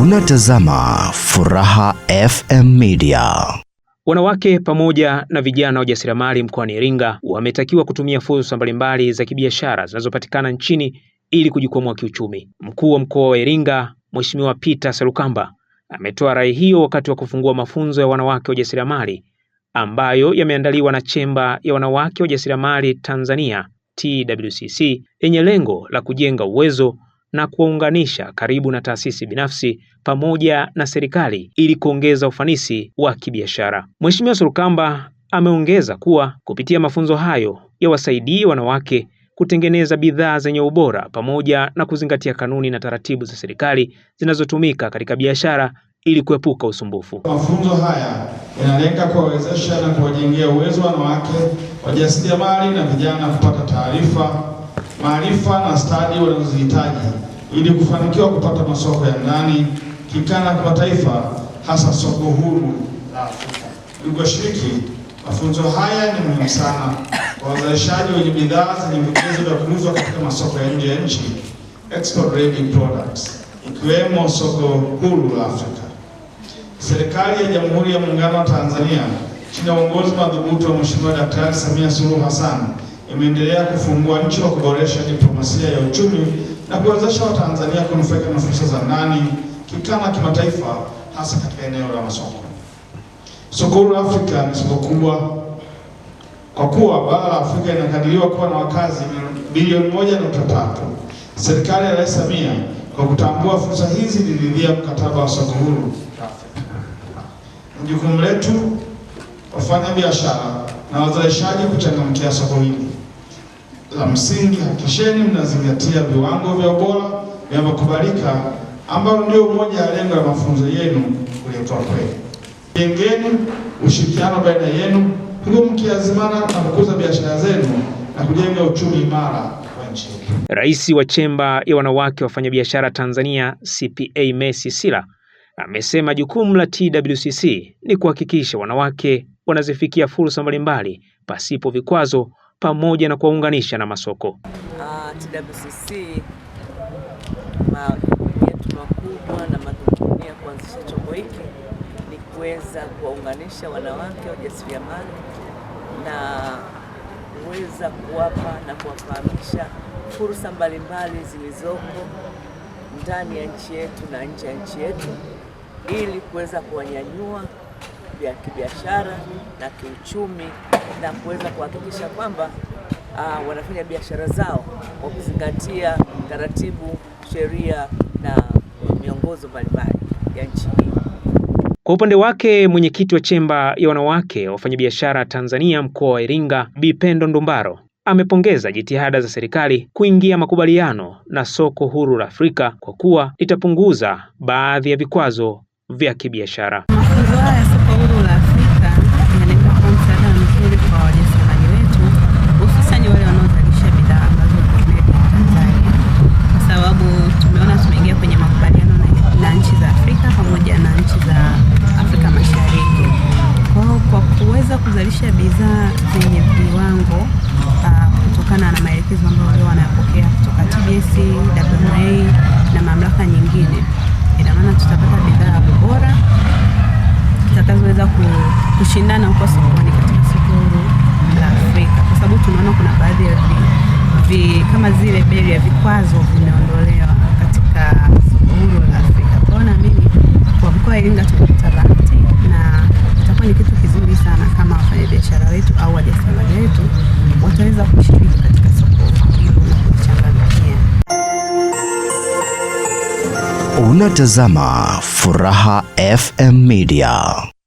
Unatazama Furaha FM Media. Wanawake pamoja na vijana wajasiriamali mkoani Iringa wametakiwa kutumia fursa mbalimbali za kibiashara zinazopatikana nchini ili kujikwamua kiuchumi. Mkuu wa mkoa wa Iringa, Mheshimiwa Peter Serukamba, ametoa rai hiyo wakati wa kufungua mafunzo ya wanawake wajasiriamali ambayo yameandaliwa na Chemba ya Wanawake Wajasiriamali Tanzania TWCC yenye lengo la kujenga uwezo na kuwaunganisha karibu na taasisi binafsi pamoja na serikali ili kuongeza ufanisi wa kibiashara. Mheshimiwa Surukamba ameongeza kuwa kupitia mafunzo hayo yawasaidie wanawake kutengeneza bidhaa zenye ubora pamoja na kuzingatia kanuni na taratibu za serikali zinazotumika katika biashara ili kuepuka usumbufu. Mafunzo haya yanalenga kuwawezesha na kuwajengea uwezo wanawake, wajasiriamali na vijana kupata taarifa maarifa na stadi wanazohitaji ili kufanikiwa kupata masoko ya ndani, kikanda, kimataifa, hasa soko huru la Afrika. washiriki mafunzo haya ni muhimu sana kwa wazalishaji wenye bidhaa zenye vigezo vya kuuzwa katika masoko ya nje ya nchi, export ready products, ikiwemo soko huru la Afrika. Serikali ya Jamhuri ya Muungano wa Tanzania chini ya uongozi madhubuti wa Mheshimiwa Daktari Samia Suluhu Hassan imeendelea kufungua nchi kwa kuboresha diplomasia ya uchumi na kuwezesha Watanzania kunufaika na fursa za ndani, kikanda, kimataifa, hasa katika eneo la masoko. Soko huru la Afrika ni soko kubwa kwa kuwa bara la Afrika inakadiriwa kuwa na wakazi bilioni moja nukta tatu. Serikali ya Rais Samia kwa kutambua fursa hizi iliridhia mkataba wa soko huru la Afrika. Jukumu letu wafanya biashara na wazalishaji kuchangamkia soko hili. La msingi, hakikisheni mnazingatia viwango vya ubora vinavyokubalika ambao ndio moja ya lengo la mafunzo yenu kuliyotoa kwenu. Jengeni ushirikiano baina yenu huku mkiazimana na kukuza biashara zenu na kujenga uchumi imara wa nchi yetu. Rais wa Chemba ya Wanawake Wafanyabiashara Tanzania CPA Messi Sila amesema jukumu la TWCC ni kuhakikisha wanawake wanazifikia fursa mbalimbali pasipo vikwazo pamoja na kuwaunganisha na masoko. Uh, ah, TWCC yetu makubwa na madhumuni ya kuanzisha chombo hiki ni kuweza kuwaunganisha wanawake wajasiriamali na kuweza kuwapa na kuwafahamisha fursa mbalimbali zilizoko ndani ya nchi yetu na nje ya nchi yetu ili kuweza kuwanyanyua ya kibiashara na kiuchumi na kuweza kuhakikisha kwamba uh, wanafanya biashara zao kwa kuzingatia taratibu, sheria na miongozo mbalimbali ya nchi hii. Kwa upande wake mwenyekiti wa chemba ya wanawake wafanyabiashara Tanzania mkoa wa Iringa, bipendo Ndumbaro amepongeza jitihada za serikali kuingia makubaliano na soko huru la Afrika kwa kuwa litapunguza baadhi ya vikwazo vya kibiashara. TBS, WMA na mamlaka nyingine. Ina maana tutapata bidhaa bora tutakazoweza kushindana huko sokoni katika soko la Afrika, kwa sababu tunaona kuna baadhi ya vi, kama zile ya vikwazo vimeondolewa katika soko la Afrika. Kwa hiyo naamini kwa mkoa wa Iringa tutapata Unatazama Furaha FM Media.